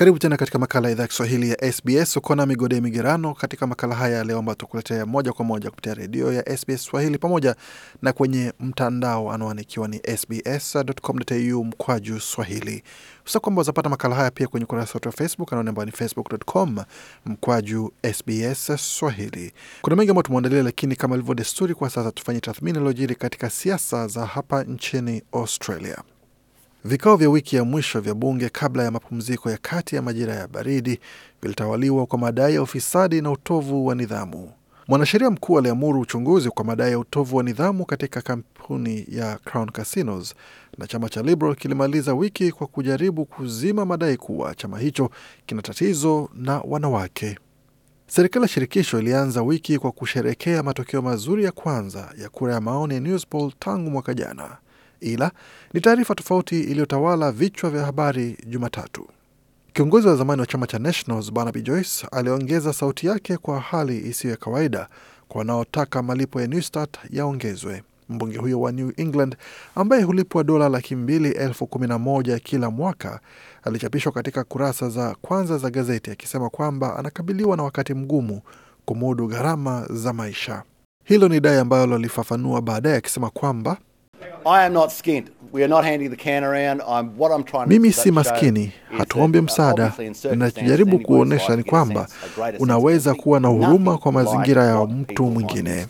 Karibu tena katika makala ya idhaa ya Kiswahili ya SBS. Uko na Migode Migerano katika makala haya ya leo, ambayo tukuletea moja kwa moja kupitia redio ya SBS Swahili pamoja na kwenye mtandao, anwani ikiwa ni sbs.com.au mkwaju swahili. Usa kwamba uzapata makala haya pia kwenye ukurasa wetu wa Facebook, anwani ambayo ni facebook.com mkwaju SBS Swahili. Kuna mengi ambayo tumeandalia, lakini kama ilivyo desturi, kwa sasa tufanye tathmini iliyojiri katika siasa za hapa nchini Australia. Vikao vya wiki ya mwisho vya bunge kabla ya mapumziko ya kati ya majira ya baridi vilitawaliwa kwa madai ya ufisadi na utovu wa nidhamu. Mwanasheria mkuu aliamuru uchunguzi kwa madai ya utovu wa nidhamu katika kampuni ya Crown Casinos, na chama cha Liberal kilimaliza wiki kwa kujaribu kuzima madai kuwa chama hicho kina tatizo na wanawake. Serikali ya shirikisho ilianza wiki kwa kusherekea matokeo mazuri ya kwanza ya kura ya maoni ya Newspoll tangu mwaka jana ila ni taarifa tofauti iliyotawala vichwa vya habari Jumatatu. Kiongozi wa zamani wa chama cha Nationals Barnaby Joyce aliongeza sauti yake kwa hali isiyo ya kawaida kwa wanaotaka malipo ya Newstart yaongezwe. Mbunge huyo wa New England ambaye hulipwa dola laki mbili elfu kumi na moja kila mwaka alichapishwa katika kurasa za kwanza za gazeti akisema kwamba anakabiliwa na wakati mgumu kumudu gharama za maisha. Hilo ni dai ambalo alifafanua baadaye akisema kwamba I am not skint. We are not handing the can around. I'm, what I'm trying to Mimi si maskini, hatuombi uh, msaada. Ninachojaribu kuonyesha ni kwamba unaweza kuwa na huruma kwa mazingira ya mtu mwingine.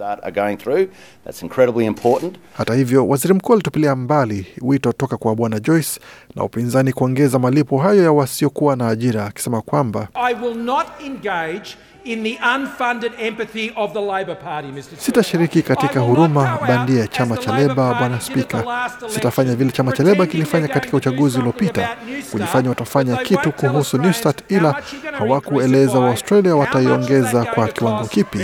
Hata hivyo, waziri mkuu alitupilia mbali wito toka kwa bwana Joyce na upinzani kuongeza malipo hayo ya wasiokuwa na ajira, akisema kwamba sitashiriki katika huruma bandia ya chama cha Leba, bwana spika. Sitafanya vile chama cha Leba kilifanya katika uchaguzi uliopita, kujifanya watafanya kitu kuhusu newstat ila hawakueleza Waaustralia wataiongeza kwa kiwango kipi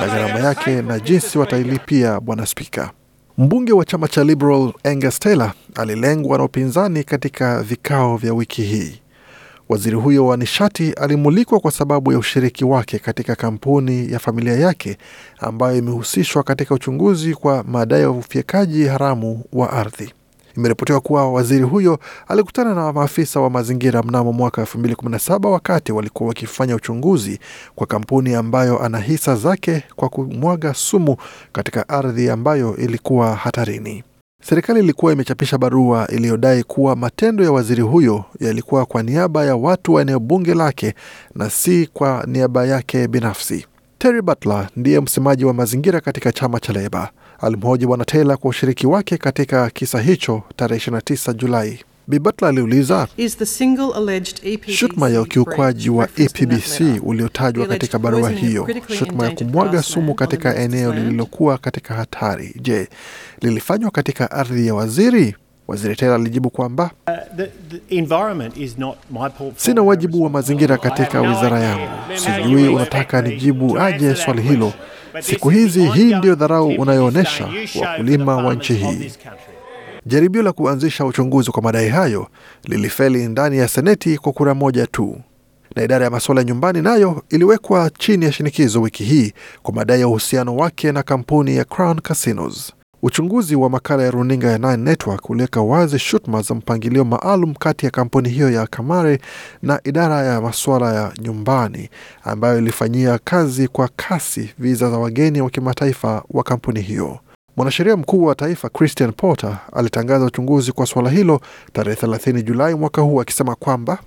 na gharama yake na jinsi watailipia. Bwana Spika, mbunge wa chama cha Liberal Angus Taylor alilengwa na upinzani katika vikao vya wiki hii. Waziri huyo wa nishati alimulikwa kwa sababu ya ushiriki wake katika kampuni ya familia yake ambayo imehusishwa katika uchunguzi kwa madai ya ufyekaji haramu wa ardhi. Imeripotiwa kuwa waziri huyo alikutana na maafisa wa mazingira mnamo mwaka 2017 wakati walikuwa wakifanya uchunguzi kwa kampuni ambayo ana hisa zake kwa kumwaga sumu katika ardhi ambayo ilikuwa hatarini. Serikali ilikuwa imechapisha barua iliyodai kuwa matendo ya waziri huyo yalikuwa kwa niaba ya watu wa eneo bunge lake na si kwa niaba yake binafsi. Terry Butler ndiye msemaji wa mazingira katika chama cha Leba. Alimhoji Bwana Taylor kwa ushiriki wake katika kisa hicho tarehe 29 Julai. Bibatla aliuliza shutuma ya ukiukwaji wa APBC uliotajwa katika barua hiyo, shutuma ya kumwaga sumu katika eneo lililokuwa katika hatari, je, lilifanywa katika ardhi ya waziri? Waziri tela alijibu kwamba uh, sina wajibu wa mazingira katika wizara yangu. Sijui unataka nijibu aje swali hilo. Siku hizi hii ndiyo dharau unayoonyesha wakulima wa nchi hii. Jaribio la kuanzisha uchunguzi kwa madai hayo lilifeli ndani ya Seneti kwa kura moja tu, na idara ya masuala ya nyumbani nayo iliwekwa chini ya shinikizo wiki hii kwa madai ya uhusiano wake na kampuni ya Crown Casinos. Uchunguzi wa makala ya runinga ya Nine Network uliweka wazi shutuma za mpangilio maalum kati ya kampuni hiyo ya kamari na idara ya masuala ya nyumbani ambayo ilifanyia kazi kwa kasi viza za wageni wa kimataifa wa kampuni hiyo. Mwanasheria mkuu wa taifa Christian Porter alitangaza uchunguzi kwa suala hilo tarehe 30 Julai mwaka huu akisema kwamba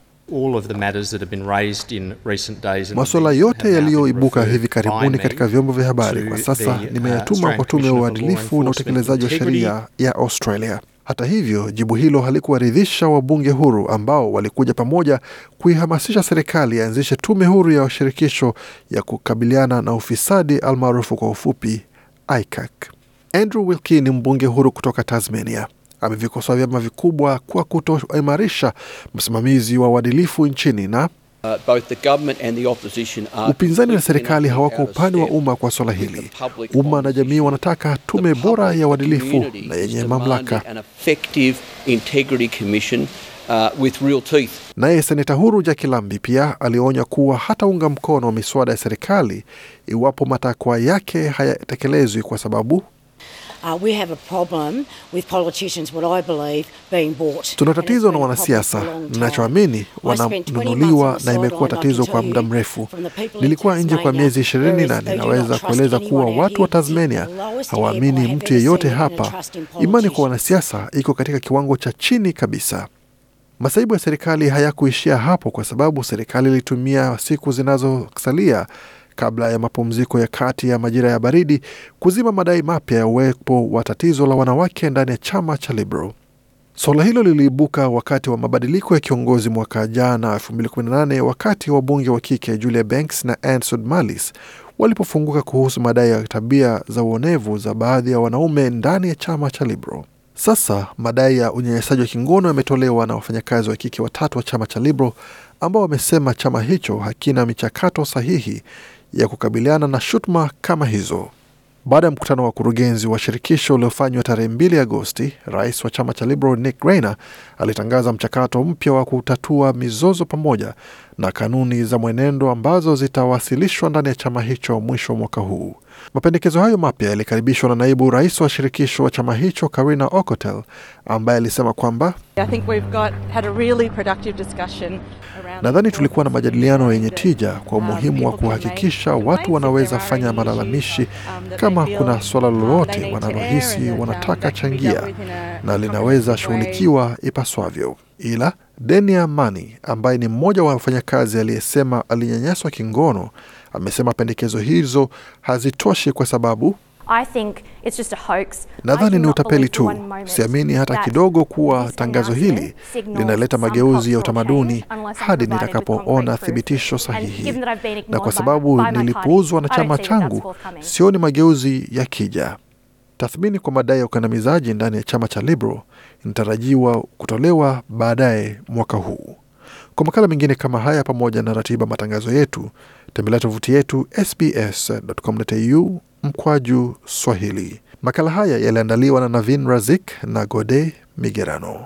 masuala yote yaliyoibuka hivi karibuni katika vyombo vya habari kwa sasa uh, nimeyatuma kwa tume ya uadilifu na utekelezaji wa sheria ya Australia. Hata hivyo, jibu hilo halikuwaridhisha wabunge huru ambao walikuja pamoja kuihamasisha serikali yaanzishe tume huru ya shirikisho ya kukabiliana na ufisadi almaarufu kwa ufupi ICAC. Andrew Wilkie ni mbunge huru kutoka Tasmania amevikosoa vyama vikubwa kwa kutoimarisha msimamizi wa uadilifu nchini na uh, upinzani na serikali hawako upande wa umma kwa swala hili. Umma na jamii wanataka tume bora ya uadilifu na yenye mamlaka. Uh, naye seneta huru Jaki Lambi pia alionya kuwa hataunga mkono wa miswada ya serikali iwapo matakwa yake hayatekelezwi kwa sababu Uh, Tuna tatizo na wanasiasa, ninachoamini wananunuliwa, na imekuwa tatizo kwa muda mrefu. Nilikuwa nje kwa miezi ishirini na ninaweza kueleza kuwa watu wa Tasmania hawaamini mtu yeyote hapa. Imani kwa wanasiasa iko katika kiwango cha chini kabisa. Masaibu ya serikali hayakuishia hapo, kwa sababu serikali ilitumia siku zinazosalia kabla ya mapumziko ya kati ya majira ya baridi kuzima madai mapya ya uwepo wa tatizo la wanawake ndani ya chama cha Liberal. Suala hilo liliibuka wakati wa mabadiliko ya kiongozi mwaka jana 2018 wakati wabunge wa kike Julia Banks na Anson Malice walipofunguka kuhusu madai ya tabia za uonevu za baadhi ya wanaume ndani ya chama cha Liberal. Sasa madai ya unyanyasaji wa kingono yametolewa na wafanyakazi wa kike watatu wa chama cha Liberal ambao wamesema chama hicho hakina michakato sahihi ya kukabiliana na shutuma kama hizo. Baada ya mkutano wa kurugenzi wa shirikisho uliofanywa tarehe 2 Agosti, rais wa chama cha Liberal Nick Greiner alitangaza mchakato mpya wa kutatua mizozo pamoja na kanuni za mwenendo ambazo zitawasilishwa ndani ya chama hicho mwisho wa mwaka huu. Mapendekezo hayo mapya yalikaribishwa na naibu rais wa shirikisho wa chama hicho Karina Okotel, ambaye alisema kwamba really nadhani tulikuwa na majadiliano yenye tija kwa um, umuhimu wa kuhakikisha watu wanaweza fanya um, malalamishi kama kuna suala lolote wanalohisi um, wanataka changia na linaweza shughulikiwa ipaswavyo. Ila Denia Amani ambaye ni mmoja wa wafanyakazi aliyesema alinyanyaswa kingono amesema pendekezo hizo hazitoshi kwa sababu nadhani ni utapeli tu. Siamini hata kidogo kuwa tangazo hili linaleta mageuzi ya utamaduni hadi nitakapoona thibitisho sahihi, na kwa sababu nilipuuzwa na chama changu, sioni mageuzi yakija. Tathmini kwa madai ya ukandamizaji ndani ya chama cha Liberal inatarajiwa kutolewa baadaye mwaka huu. Kwa makala mengine kama haya, pamoja na ratiba matangazo yetu, tembelea tovuti yetu sbs.com.au mkwaju Swahili. Makala haya yaliandaliwa na Navin Razik na Gode Migerano.